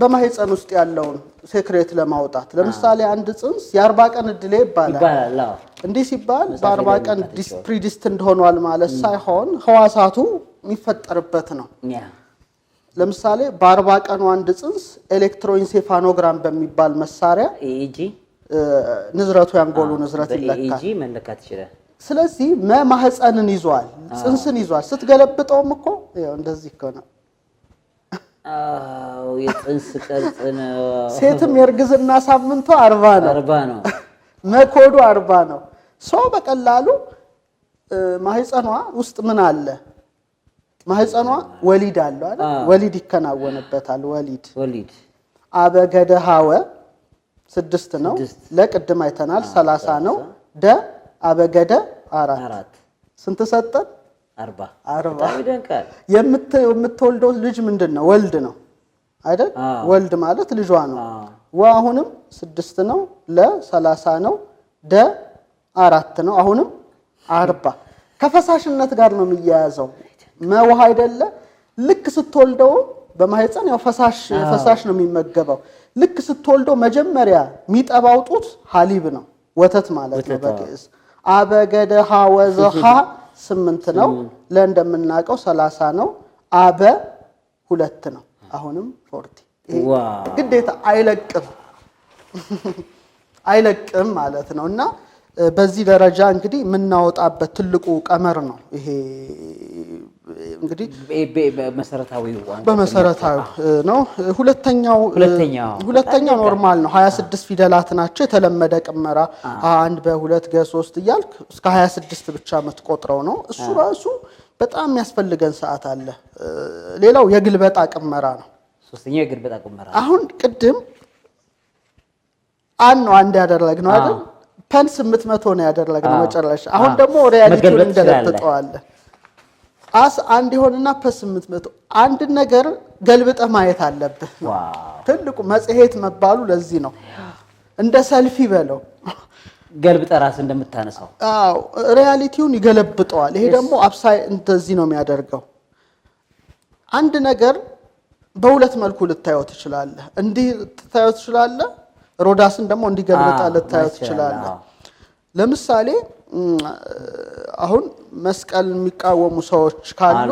በማህፀን ውስጥ ያለውን ሴክሬት ለማውጣት ለምሳሌ አንድ ጽንስ የአርባ ቀን እድሌ ይባላል። እንዲህ ሲባል በአርባ ቀን ፕሪዲስት እንደሆኗል ማለት ሳይሆን ህዋሳቱ የሚፈጠርበት ነው። ለምሳሌ በአርባ ቀኑ አንድ ጽንስ ኤሌክትሮኢንሴፋኖግራም በሚባል መሳሪያ ንዝረቱ ያንጎሉ ንዝረት ይለካል። ስለዚህ መማህፀንን ይዟል፣ ጽንስን ይዟል። ስትገለብጠውም እኮ እንደዚህ ነው የጥንስ ቅርጽ ነው። ሴትም የእርግዝና ሳምንቱ አርባ ነው አርባ ነው መኮዱ አርባ ነው። ሰው በቀላሉ ማህፀኗ ውስጥ ምን አለ? ማህፀኗ ወሊድ አለው አይደል? ወሊድ ይከናወንበታል። ወሊድ ወሊድ ሀወ ስድስት ነው። ለቅድም አይተናል ሰላሳ ነው። ደ አበገደ አራት ስንት ሰጠን? የምትወልደው ልጅ ምንድን ነው? ወልድ ነው አይደል? ወልድ ማለት ልጇ ነው። ወ አሁንም ስድስት ነው። ለ ሰላሳ ነው። ደ አራት ነው። አሁንም አርባ ከፈሳሽነት ጋር ነው የሚያያዘው። መውሃ አይደለ? ልክ ስትወልደው በማህፀን ያው ፈሳሽ ፈሳሽ ነው የሚመገበው። ልክ ስትወልደው መጀመሪያ የሚጠባውጡት ሀሊብ ነው፣ ወተት ማለት ነው በግዕዝ አበገደሃ ወዘሃ ስምንት ነው። ለ እንደምናውቀው ሰላሳ ነው። አበ ሁለት ነው። አሁንም ፎርቲ ግዴታ አይለቅም አይለቅም ማለት ነው። እና በዚህ ደረጃ እንግዲህ የምናወጣበት ትልቁ ቀመር ነው ይሄ እንግዲህ በመሰረታዊ ነው። ሁለተኛው ሁለተኛው ኖርማል ነው። 26 ፊደላት ናቸው። የተለመደ ቅመራ አንድ በሁለት ገሶስት እያልክ እስከ 26 ብቻ የምትቆጥረው ነው። እሱ ራሱ በጣም የሚያስፈልገን ሰዓት አለ። ሌላው የግልበጣ ቅመራ ነው። ሶስተኛው የግልበጣ ቅመራ አሁን ቅድም አን ነው አንድ ያደረግነው አይደል? ፐንስ መቶ ነው ያደረግነው መጨረሻ። አሁን ደግሞ ሪያሊቲውን እንደለጥጠዋለን አስ አንድ የሆንና ፐስምት መቶ አንድ ነገር ገልብጠ ማየት አለብህ። ትልቁ መጽሔት መባሉ ለዚህ ነው። እንደ ሰልፊ በለው ገልብጠ ራስ እንደምታነሳው አዎ፣ ሪያሊቲውን ይገለብጠዋል። ይሄ ደግሞ አብሳይ እንደዚህ ነው የሚያደርገው። አንድ ነገር በሁለት መልኩ ልታየው ትችላለህ። እንዲህ ልታየው ትችላለህ። ሮዳስን ደግሞ እንዲገልብጠ ልታየው ትችላለህ። ለምሳሌ አሁን መስቀል የሚቃወሙ ሰዎች ካሉ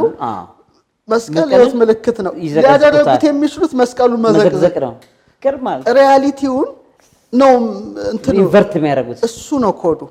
መስቀል የት ምልክት ነው። ሊያደረጉት የሚችሉት መስቀሉን መዘቅዘቅ ነው። ሪያሊቲውን ነው እንትን ኢንቨርት የሚያደርጉት እሱ ነው ኮዱ